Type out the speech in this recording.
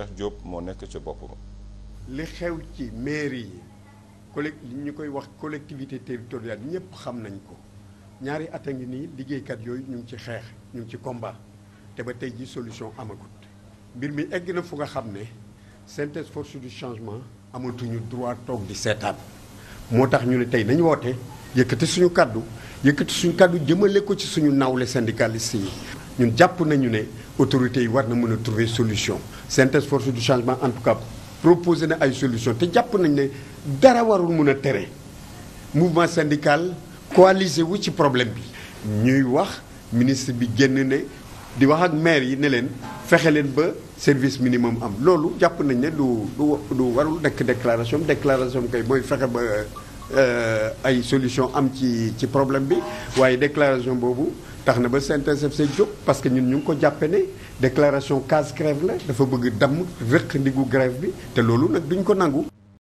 Cheikh Diop moo nekk ca bopp ko li xew ci mairie yi collect li ñu koy wax collectivité territoriale ñëpp xam nañ ko ñaari at a ngi nii liggéeykat yooyu ñu ngi ci xeex ñu ngi ci komba te ba tey ji solution amagut mbir mi egg fu nga xam ne synthèse force du amatuñu droit toog di seetaan moo tax ñu ne tey nañ woote yëkkati suñu kàddu yëkkati suñu kàddu jëmale ko ci suñu nawle syndicaliste yi ñun jàpp nañu ne autorités yi war na mën a trouver solution CNTS force du changement en tout cas proposé na ay solution te jàpp nañu ne dara warul mun a tere mouvement syndical coalisé wu ci problème bi ñuy wax ministre bi génn ne di wax ak maire yi ne leen fexe leen ba service minimum am loolu jàpp nañ ne du du warul nekk déclaration déclaration kay mooy fexe ba Euh, ay solution am ci ci problème bi waaye déclaration boobu tax na ba CNTS/FC jóg parce que ñun ñu ngi ko jàppe ne déclaration casse grève la dafa bëgg damm rëq ndigu grève bi te loolu nag duñ ko nangu